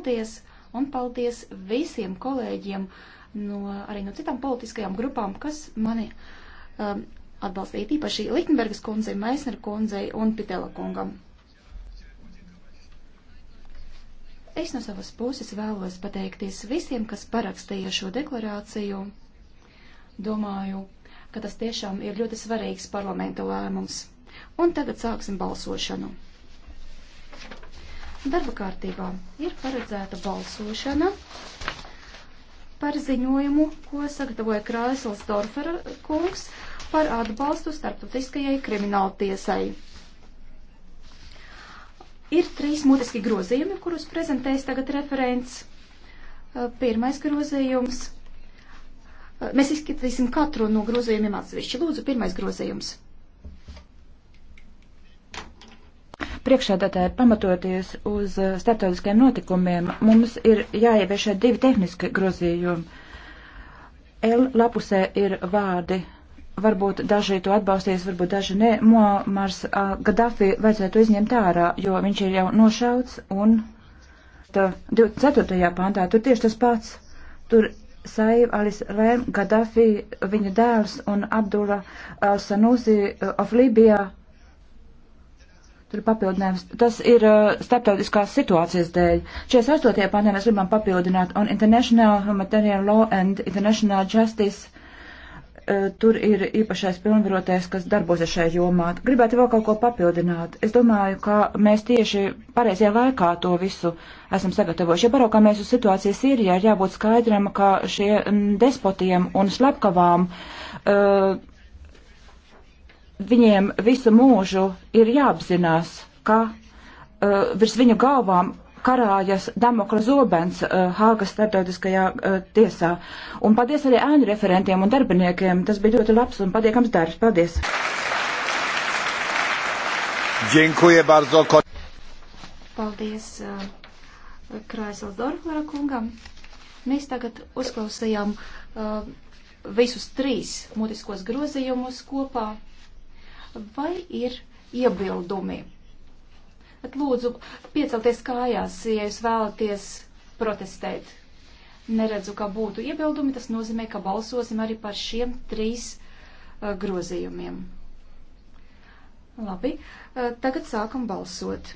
Paldies! Un paldies visiem kolēģiem no, arī no citām politiskajām grupām, kas mani um, atbalstīja tīpaši Lichtenbergas kundzei, Meisner kundzei un Pitela kungam. Es no savas puses vēlos pateikties visiem, kas parakstīja šo deklarāciju. Domāju, ka tas tiešām ir ļoti svarīgs parlamenta lēmums. Un tagad sāksim balsošanu. Darba kārtībā ir paredzēta balsošana par ziņojumu, ko sagatavoja Krāsls Dorfera kungs par atbalstu starptautiskajai krimināla tiesai. Ir trīs mutiski grozījumi, kurus prezentēs tagad referents. Pirmais grozījums. Mēs izskatīsim katru no grozījumiem atsevišķi. Lūdzu, pirmais grozījums. priekšsēdētāji, pamatoties uz uh, starptautiskiem notikumiem, mums ir jāievieš šeit divi tehniski grozījumi. L lapusē ir vārdi. Varbūt daži to atbalstīs, varbūt daži nē. Muamars Gaddafi vajadzētu izņemt ārā, jo viņš ir jau nošauts un 24. pāntā tur tieši tas pats. Tur Saif al-Islam, Gaddafi, viņa dēls un Abdullah al-Sanusi of Libijā Tur ir papildinājums. Tas ir uh, starptautiskās situācijas dēļ. 48. pānē mēs gribam papildināt on International Humanitarian Law and International Justice. Uh, tur ir īpašais pilnvarotais, kas darbosies šajā jomā. Gribētu vēl kaut ko papildināt. Es domāju, ka mēs tieši pareizajā laikā to visu esam sagatavojuši. Ja paraugāmies uz situāciju Sīrijā, ir jābūt skaidram, ka šie mm, despotiem un slepkavām uh, viņiem visu mūžu ir jāapzinās, ka uh, virs viņu galvām karājas Damokla zobens uh, Hāgas starptautiskajā uh, tiesā. Un paldies arī ēnu referentiem un darbiniekiem. Tas bija ļoti labs un patiekams darbs. Paldies! Dziękuję bardzo. Paldies uh, Kraisel Dorflera kungam. Mēs tagad uzklausījām uh, visus trīs mutiskos grozījumus kopā. Vai ir iebildumi? Bet lūdzu, piecelties kājās, ja jūs vēlaties protestēt. Neredzu, ka būtu iebildumi, tas nozīmē, ka balsosim arī par šiem trīs uh, grozījumiem. Labi, uh, tagad sākam balsot.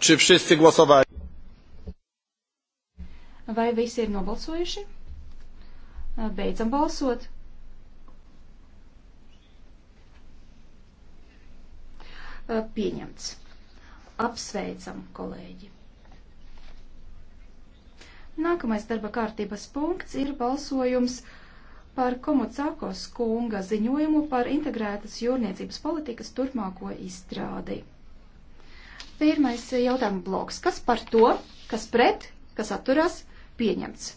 Czy wszyscy głosowali? Vai visi ir nobalsojuši? Beidzam balsot. pieņemts. Apsveicam, kolēģi! Nākamais darba kārtības punkts ir balsojums par Komocākos kunga ziņojumu par integrētas jūrniecības politikas turpmāko izstrādi. Pirmais jautājuma bloks. Kas par to, kas pret, kas atturas, pieņemts?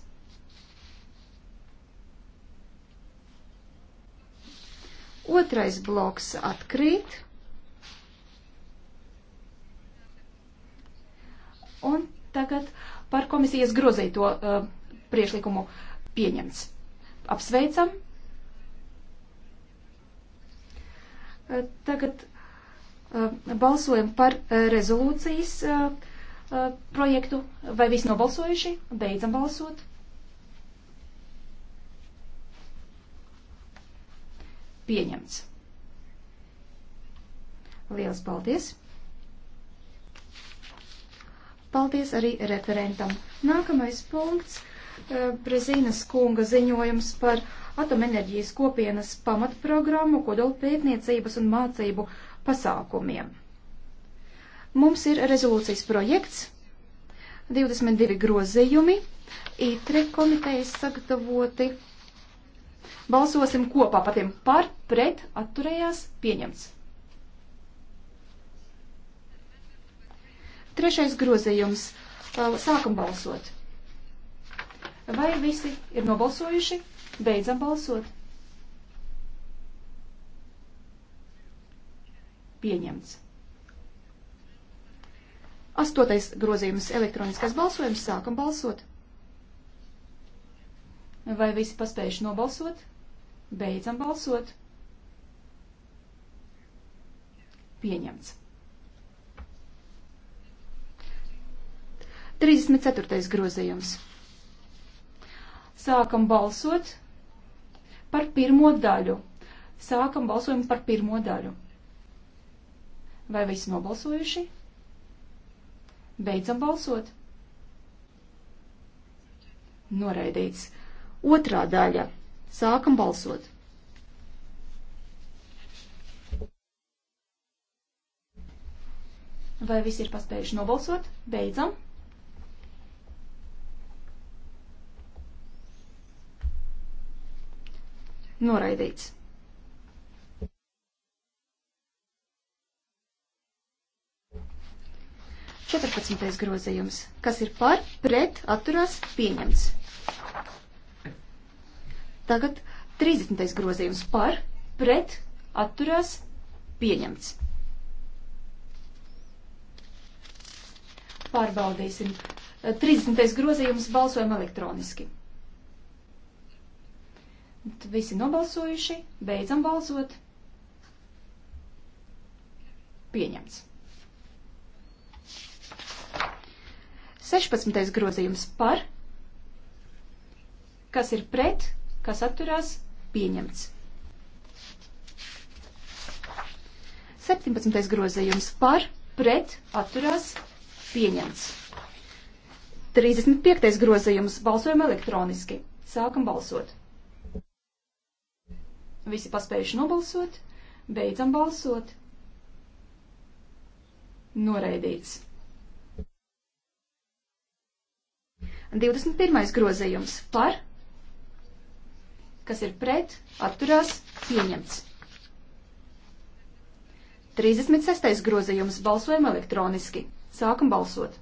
Otrais bloks atkrīt. un tagad par komisijas grozīto uh, priešlikumu pieņemts. Apsveicam. Uh, tagad uh, balsojam par uh, rezolūcijas uh, uh, projektu. Vai visi nobalsojuši? Beidzam balsot. Pieņemts. Lielas paldies! Paldies arī referentam. Nākamais punkts eh, - Brezīnas kunga ziņojums par atomenerģijas kopienas pamatprogrammu kodola pētniecības un mācību pasākumiem. Mums ir rezolūcijas projekts, 22 grozījumi, ITRE komitejas sagatavoti. Balsosim kopā par tiem par, pret, atturējās, pieņemts. Trešais grozījums. Sākam balsot. Vai visi ir nobalsojuši? Beidzam balsot. Pieņemts. Astotais grozījums - elektroniskais balsojums. Sākam balsot. Vai visi paspējuši nobalsot? Beidzam balsot. Pieņemts. 34. grozījums. Sākam balsot par pirmo daļu. Sākam balsojumu par pirmo daļu. Vai visi nobalsojuši? Beidzam balsot. Noraidīts. Otrā daļa. Sākam balsot. Vai visi ir paspējuši nobalsot? Beidzam. Noraidīts. Četrpadsmitais grozījums. Kas ir par, pret, atturās, pieņemts. Tagad 30. grozījums par, pret, atturās, pieņemts. Pārbaudīsim. 30. grozījums balsojam elektroniski. Visi nobalsojuši, beidzam balsot. Pieņemts. 16. grozījums par, kas ir pret, kas atturās, pieņemts. 17. grozījums par, pret, atturās, pieņemts. 35. grozījums balsojam elektroniski. Sākam balsot. Visi paspējuši nobalsot, beidzam balsot. Noraidīts. 21. grozījums par, kas ir pret, atturās, pieņemts. 36. grozījums balsojam elektroniski. Sākam balsot!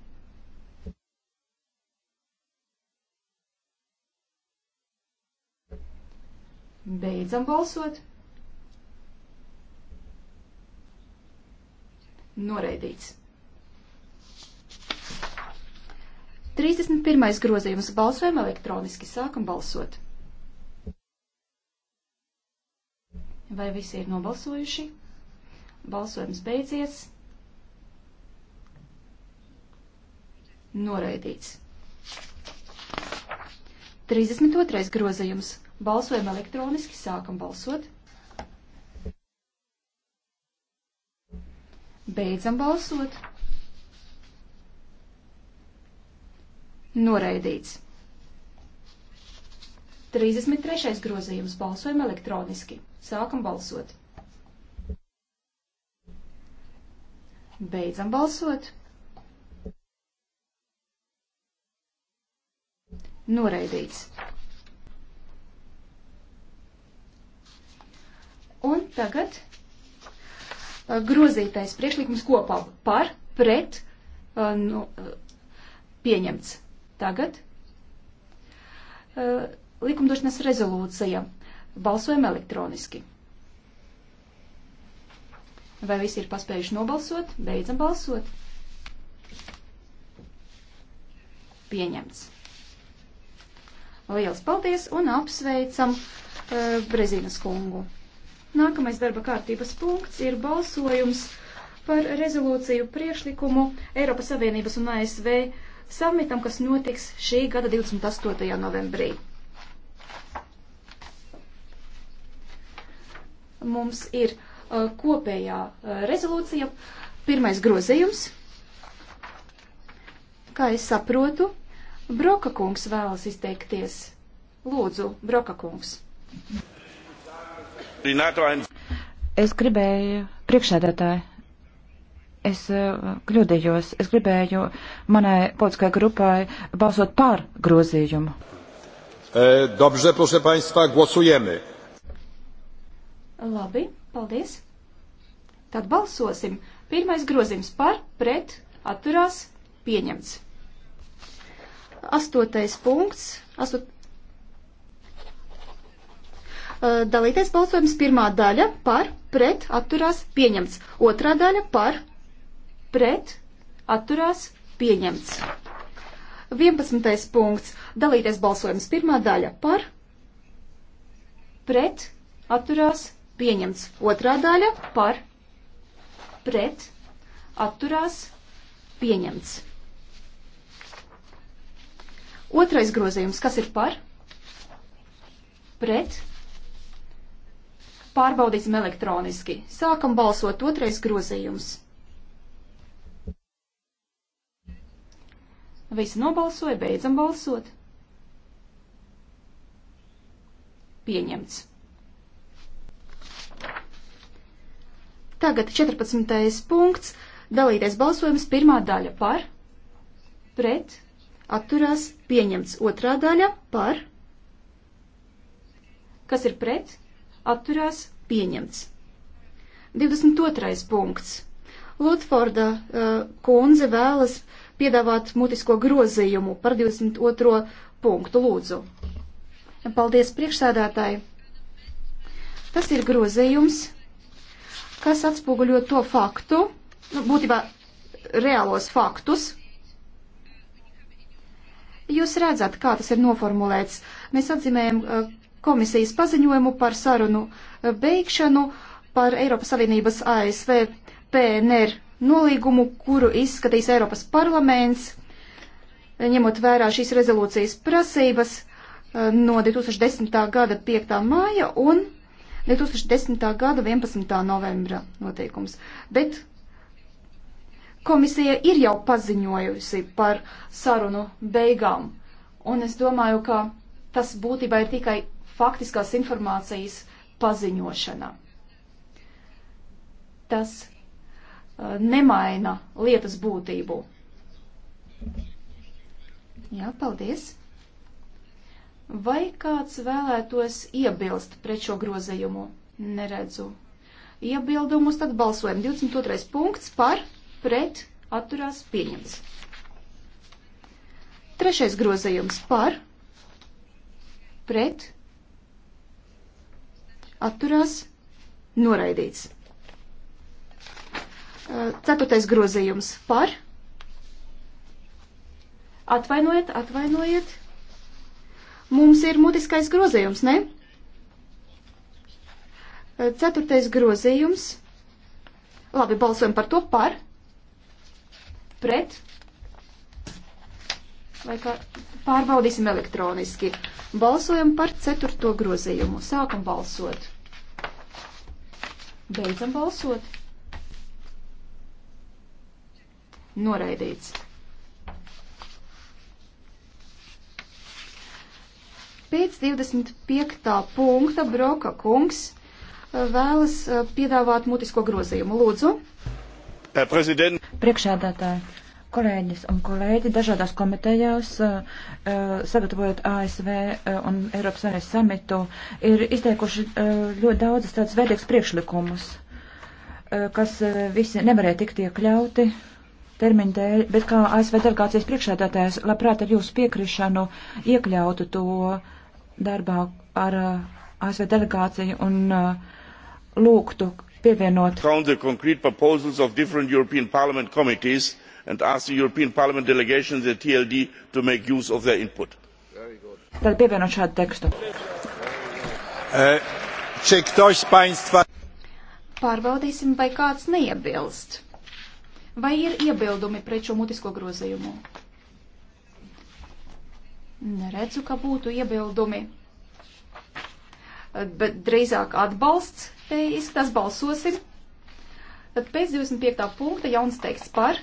Beidzam balsot. Noreidīts. 31. grozījums balsojam elektroniski. Sākam balsot. Vai visi ir nobalsojuši? Balsojums beidzies. Noraidīts. 32. grozījums Balsojam elektroniski, sākam balsot. Beidzam balsot. Noraidīts. 33. grozījums balsojam elektroniski. Sākam balsot. Beidzam balsot. Noraidīts. Un tagad uh, grozītais priekšlikums kopā par, pret, uh, nu, uh, pieņemts. Tagad likumdošanas rezolūcija. Balsojam elektroniski. Vai visi ir paspējuši nobalsot? Beidzam balsot. Pieņemts. Liels paldies un apsveicam uh, Brezīnas kungu. Nākamais darba kārtības punkts ir balsojums par rezolūciju priekšlikumu Eiropas Savienības un ASV samitam, kas notiks šī gada 28. novembrī. Mums ir uh, kopējā uh, rezolūcija, pirmais grozījums. Kā es saprotu, Broka kungs vēlas izteikties. Lūdzu, Broka kungs. Es gribēju, priekšsēdētāji, es eh, kļūdījos, es gribēju manai politiskajai grupai balsot pār grozījumu. E, dobrze, proszę państwa, głosujemy. Labi, paldies. Tad balsosim. Pirmais grozījums par, pret, atturās, pieņemts. Astotais punkts. Astot, dalīties balsojums. Pirmā daļa par, pret, atturās, pieņemts. Otrā daļa par, pret, atturās, pieņemts. 11. punkts. Dalīties balsojums. Pirmā daļa par, pret, atturās, pieņemts. Otrā daļa par, pret, atturās, pieņemts. Otrais grozījums. Kas ir par? Pret, Pārbaudīsim elektroniski. Sākam balsot otrais grozījums. Visi nobalsoja, beidzam balsot. Pieņemts. Tagad 14. punkts. Dalīties balsojums pirmā daļa par, pret, atturās, pieņemts otrā daļa par, kas ir pret, atturās pieņemts. 22. punkts. Lutforda uh, kundze vēlas piedāvāt mutisko grozījumu par 22. punktu lūdzu. Paldies priekšsēdētāji. Tas ir grozījums, kas atspoguļo to faktu, nu, būtībā reālos faktus. Jūs redzat, kā tas ir noformulēts. Mēs atzīmējam, uh, komisijas paziņojumu par sarunu eh, beigšanu par Eiropas Savienības ASV PNR nolīgumu, kuru izskatīs Eiropas parlaments, eh, ņemot vērā šīs rezolūcijas prasības eh, no 2010. gada 5. māja un 2010. gada 11. novembra noteikums. Bet komisija ir jau paziņojusi par sarunu beigām, un es domāju, ka tas būtībā ir tikai faktiskās informācijas paziņošana. Tas uh, nemaina lietas būtību. Jā, paldies. Vai kāds vēlētos iebilst pret šo grozējumu? Neredzu. Iebildumus tad balsojam. 22. punkts par, pret, atturās pieņems. Trešais grozējums par, pret, atturās noraidīts. Ceturtais grozījums par. Atvainojiet, atvainojiet. Mums ir mutiskais grozījums, ne? Ceturtais grozījums. Labi, balsojam par to par. Pret. Vai kā pārbaudīsim elektroniski. Balsojam par ceturto grozījumu. Sākam balsot. Beidzam balsot. Noraidīts. Pēc 25. punkta Broka kungs eh, vēlas eh, piedāvāt mutisko grozījumu. Lūdzu. Prezident. Priekšādātāji kolēģis un kolēģi dažādās komitejās, eh, eh, sagatavojot ASV eh, un Eiropas Savienības samitu, ir izteikuši ļoti daudzas tādas vērtīgas priekšlikumus, kas visi nevarēja tikt iekļauti termiņu dēļ, bet kā ASV delegācijas priekšēdētājs, labprāt ar jūsu piekrišanu iekļautu to darbā ar ASV delegāciju un lūgtu pievienot and ask the European Parliament delegation, the TLD, to make use of their input. Tad pievienot šādu tekstu. Eh, Pārbaudīsim, vai kāds neiebilst. Vai ir iebildumi pret šo mutisko grozījumu? Neredzu, ka būtu iebildumi. Eh, bet drīzāk atbalsts te izskatās balsosim. Tad pēc 25. punkta jauns teiks par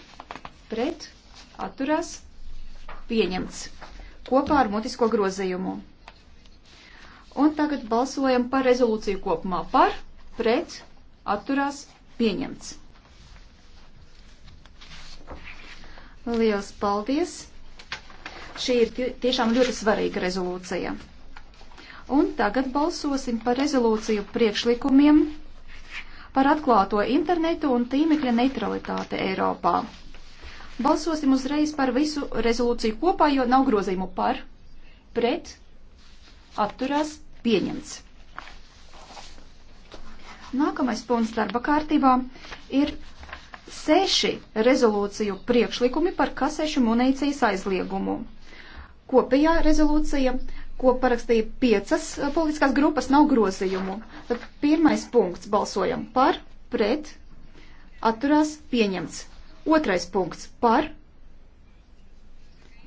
pret, atturās, pieņemts kopā ar mutisko grozējumu. Un tagad balsojam par rezolūciju kopumā par, pret, atturās, pieņemts. Liels paldies! Šī ir tiešām ļoti svarīga rezolūcija. Un tagad balsosim par rezolūciju priekšlikumiem par atklāto internetu un tīmekļa neutralitāti Eiropā. Balsosim uzreiz par visu rezolūciju kopā, jo nav grozījumu par, pret, atturās, pieņemts. Nākamais punkts darba kārtībā ir seši rezolūciju priekšlikumi par kasešu munīcijas aizliegumu. Kopējā rezolūcija, ko parakstīja piecas eh, politiskās grupas, nav grozījumu. Tad pirmais punkts balsojam par, pret, atturās, pieņemts. Otrais punkts par,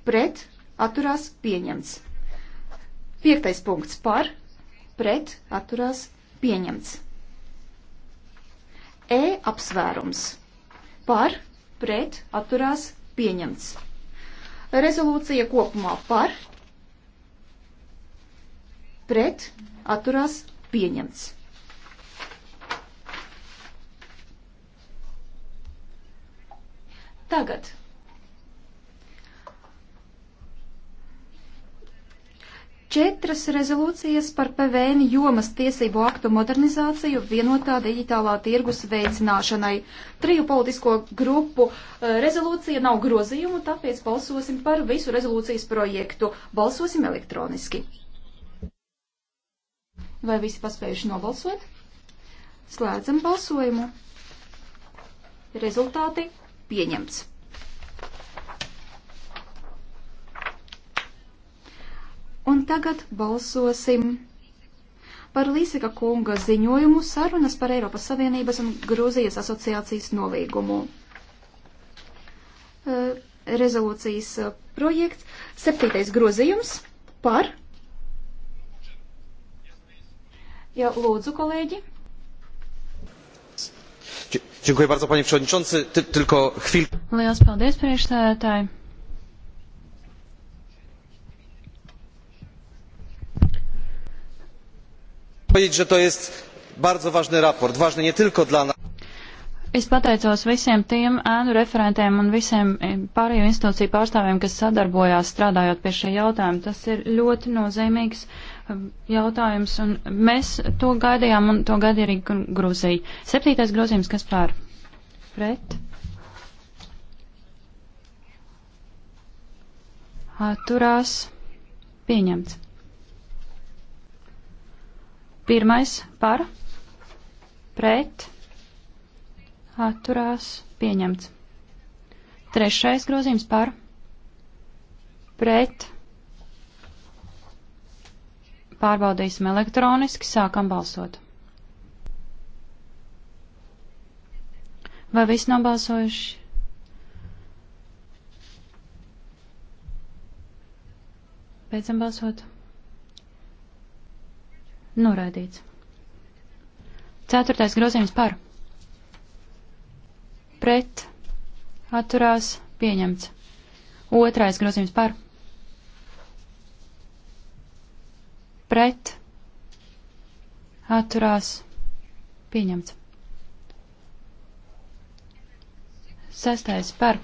pret, atturās pieņemts. Piektais punkts par, pret, atturās pieņemts. E apsvērums par, pret, atturās pieņemts. Rezolūcija kopumā par, pret, atturās pieņemts. Tagad. Četras rezolūcijas par PVN jomas tiesību aktu modernizāciju vienotā digitālā tirgus veicināšanai. Triju politisko grupu eh, rezolūcija nav grozījumu, tāpēc balsosim par visu rezolūcijas projektu. Balsosim elektroniski. Vai visi paspējuši nobalsot? Slēdzam balsojumu. Rezultāti pieņemts. Un tagad balsosim par Līsika kunga ziņojumu sarunas par Eiropas Savienības un Grūzijas asociācijas nolīgumu. E, rezolūcijas e, projekts, septītais grozījums par. Jā, lūdzu, kolēģi. Bardzo, panie przewodniczący! Tylko chwilkę. Lielas paldies, priekšsēdētāji! powiedzieć, że to jest bardzo ważne raport, ważne nie tylko dla nas. Es pateicos visiem tiem ēnu referentiem un visiem e, pārējo institūciju pārstāvjiem, kas sadarbojās strādājot pie šī jautājuma. Tas ir ļoti nozīmīgs Um, jautājums, un mēs to gaidījām, un to gaidīja arī Grūzija. Septītais grozījums, kas pār? Pret? Atturās. Pieņemts. Pirmais par? Pret? Atturās. Pieņemts. Trešais grozījums par? Pret? Pārbaudīsim elektroniski, sākam balsot. Vai viss nav balsojuši? Beidzam balsot. Noraidīts. Ceturtais grozījums par. Pret. Atturās. Pieņemts. Otrais grozījums par. pret, atturās, pieņemts. Sestais par,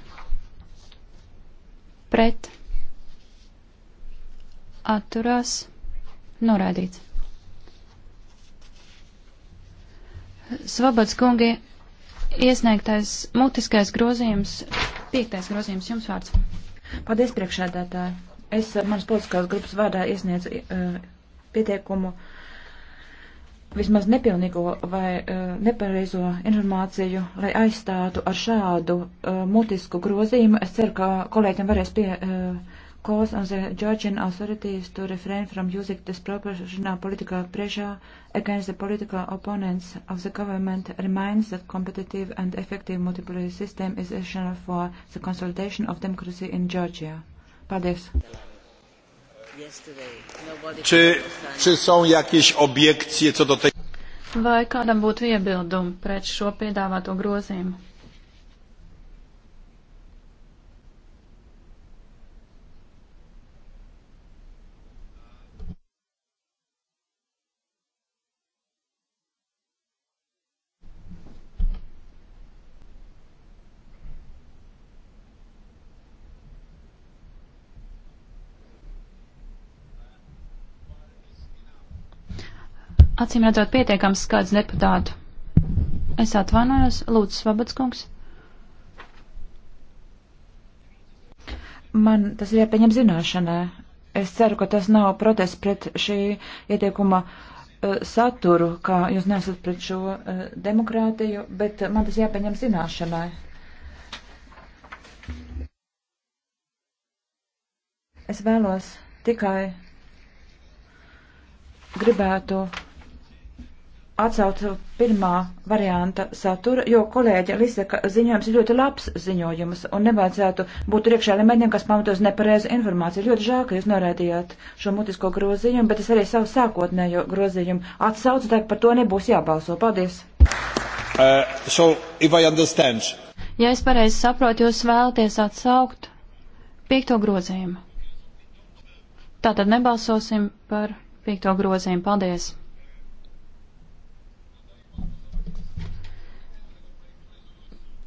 pret, atturās, norādīts. Svabats kungi, iesniegtais mutiskais grozījums, piektais grozījums, jums vārds. Paldies, priekšādātāji. Es manas politiskās grupas vārdā iesniedzu uh, pieteikumu vismaz nepilnīgo vai uh, nepareizo informāciju, lai aizstātu ar šādu uh, mutisku grozījumu. Es ceru, ka kolēģiem varēs pie. Uh, Calls on the Georgian authorities to refrain from using disproportional political pressure against the political opponents of the government reminds that competitive and effective multiparty system is essential for the consolidation of democracy in Georgia. Paldies! Czy, czy są jakieś obiekcje co do tej... Vai kādam būtu iebildumi pret šo piedāvāto grozījumu? Acīm redzot, pietiekams skaits deputātu. Es atvainojos, Lūdzu, Svabatskungs. Man tas ir jāpieņem zināšanai. Es ceru, ka tas nav protests pret šī ieteikuma uh, saturu, kā jūs nesat pret šo uh, demokrātiju, bet man tas jāpieņem zināšanai. Es vēlos tikai gribētu atcelt pirmā varianta satura, jo kolēģa Liseka ziņojums ir ļoti labs ziņojums un nevajadzētu būt riekšā elementiem, kas pamatos nepareizu informāciju. Ļoti žēl, ka jūs norēdījāt šo mutisko grozījumu, bet es arī savu sākotnējo grozījumu atsaucu, tā par to nebūs jābalso. Paldies! Uh, so, ja es pareizi saprotu, jūs vēlaties atsaukt piekto grozījumu. Tātad nebalsosim par piekto grozījumu. Paldies!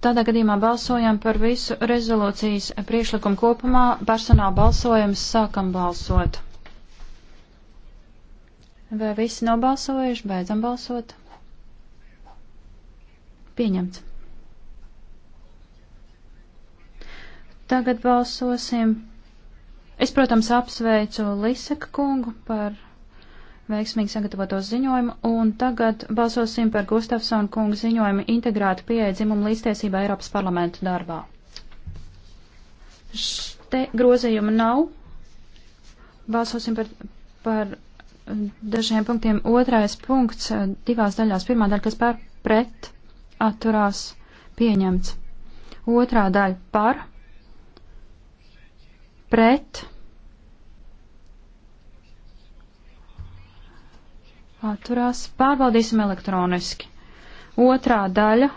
Tādā gadījumā balsojam par visu rezolūcijas priekšlikumu kopumā. Personāla balsojums sākam balsot. Vai visi nobalsojuši? Beidzam balsot. Pieņemts. Tagad balsosim. Es, protams, apsveicu Liseka kungu par veiksmīgi sagatavoto ziņojumu, un tagad balsosim par Gustafsona kunga ziņojumu integrētu pieeja dzimumu līdztiesībā Eiropas parlamentu darbā. Te grozījuma nav. Balsosim par, par dažiem punktiem. Otrais punkts divās daļās. Pirmā daļa, kas par pret atturās pieņemts. Otrā daļa par pret atturās atturās. Pārbaudīsim elektroniski. Otrā daļa,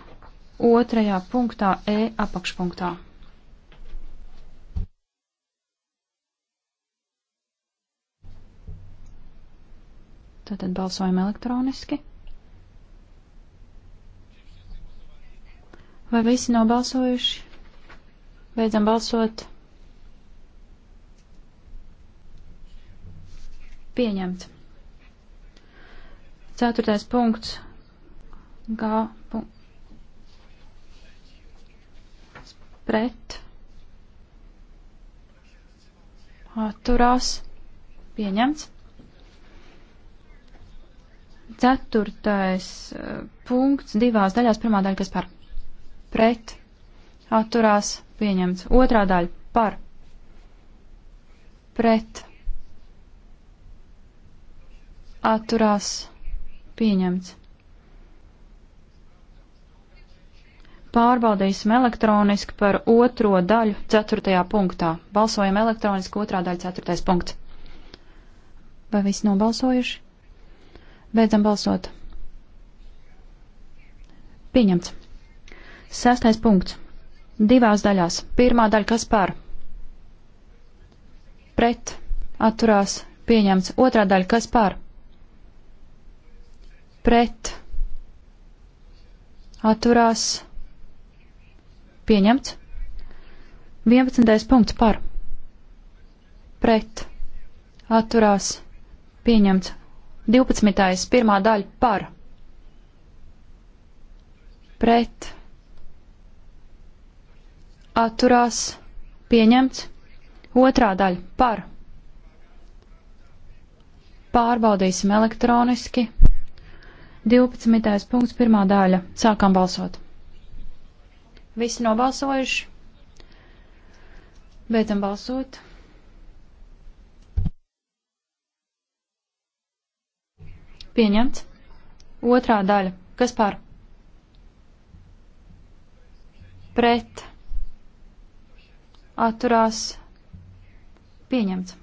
otrajā punktā, E apakšpunktā. Tātad balsojam elektroniski. Vai visi nobalsojuši? Beidzam balsot. Pieņemts. Ceturtais punkts. G. Pret. Atturās. Pieņemts. Ceturtais eh, punkts divās daļās. Pirmā daļa, kas par pret, atturās, pieņemts. Otrā daļa par pret, atturās, pieņemts Pieņemts. Pārbaudīsim elektroniski par otro daļu ceturtajā punktā. Balsojam elektroniski otrā daļa ceturtais punkts. Vai visi nobalsojuši? Beidzam balsot. Pieņemts. Sestais punkts. Divās daļās. Pirmā daļa kas par? Pret. Atturās. Pieņemts. Otrā daļa kas par? pret, atturās, pieņemts. 11. punkts par, pret, atturās, pieņemts. 12. pirmā daļa par, pret, atturās, pieņemts. Otrā daļa par. Pārbaudīsim elektroniski. 12. punkts, pirmā daļa. Sākam balsot. Visi nobalsojuši. Beidzam balsot. Pieņemts. Otrā daļa. Kas par? Pret. Atturās. Pieņemts.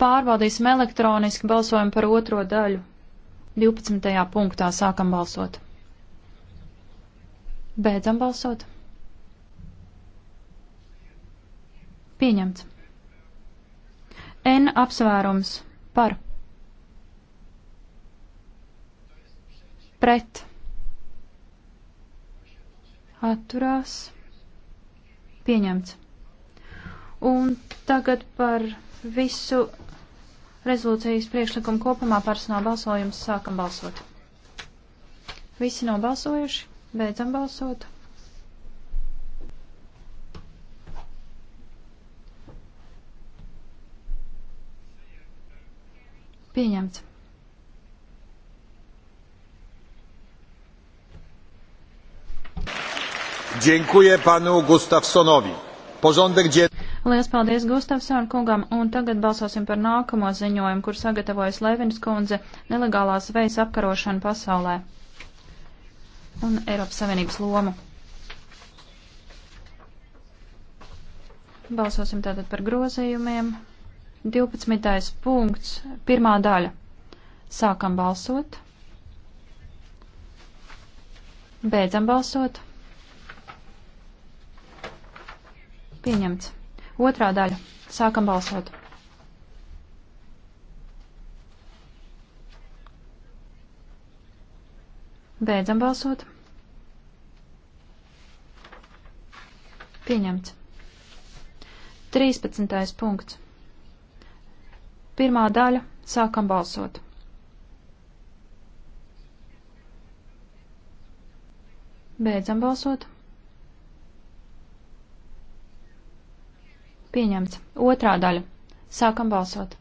Pārbaudīsim elektroniski balsojumu par otro daļu. 12. punktā sākam balsot. Beidzam balsot. Pieņemts. N apsvērums par. Pret. Atturās. Pieņemts. Un tagad par visu rezolūcijas priekšlikumu kopumā personāla balsojums sākam balsot. Visi nobalsojuši, beidzam balsot. Pieņemts. Dziękuję panu Gustafsonowi. Porządek dzienny. Lielas paldies Gustavsona kungam, un tagad balsosim par nākamo ziņojumu, kur sagatavojas Levinas kundze - nelegālās zvejas apkarošana pasaulē un Eiropas Savienības lomu. Balsosim tātad par grozījumiem. 12. punkts, pirmā daļa. Sākam balsot. Beidzam balsot. Pieņemts. Otrā daļa. Sākam balsot. Beidzam balsot. Pieņemts. 13. punkts. Pirmā daļa. Sākam balsot. Beidzam balsot. Pieņemts. Otrā daļa. Sākam balsot.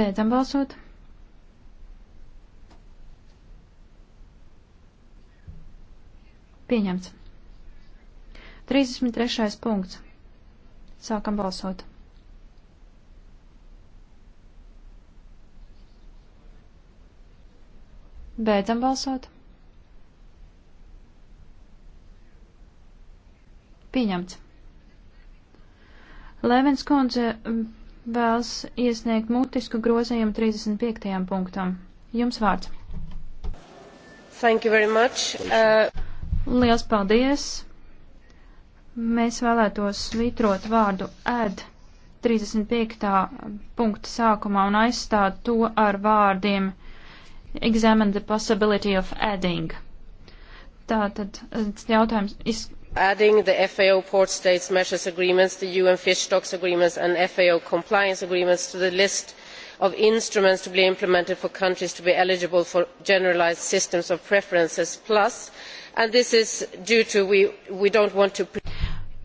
Beidzam balsot. Pieņemts. 33. punkts. Sākam balsot. Beidzam balsot. Pieņemts. Lēvens kundze mm, vēlas iesniegt mutisku grozījumu 35. punktam. Jums vārds. Thank you very much. Uh... Liels paldies. Mēs vēlētos svītrot vārdu add 35. punkta sākumā un aizstāt to ar vārdiem uh, examine the possibility of adding. Tātad eh, jautājums iz... Adding the FAO port states measures agreements, the UN fish stocks agreements and FAO compliance agreements to the list of instruments to be implemented for countries to be eligible for generalised systems of preferences plus and this is due to we, we don't want to.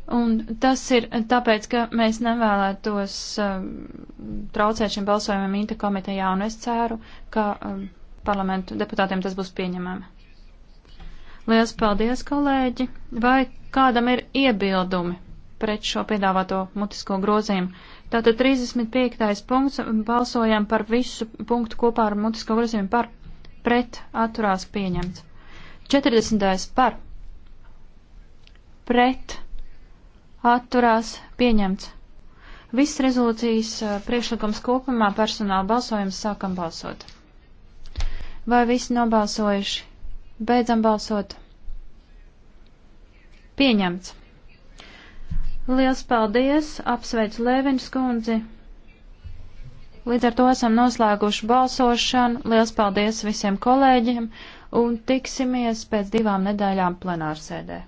Un tas ir tāpēc, ka mēs nevēlētos um, traucēt šim balsojumam Inta komitejā, un es ceru, ka um, parlamentu deputātiem tas būs pieņemami. Lielas paldies, kolēģi! Vai kādam ir iebildumi pret šo piedāvāto mutisko grozījumu? Tātad 35. punkts balsojam par visu punktu kopā ar mutisko grozījumu par pret atturās pieņemts. 40. par pret atturās pieņemts. Viss rezolūcijas eh, priekšlikums kopumā personāla balsojums sākam balsot. Vai visi nobalsojuši? Beidzam balsot. Pieņemts. Liels paldies! Apsveicu Lēviņas kundzi! Līdz ar to esam noslēguši balsošanu. Liels paldies visiem kolēģiem un tiksimies pēc divām nedēļām plenārsēdē.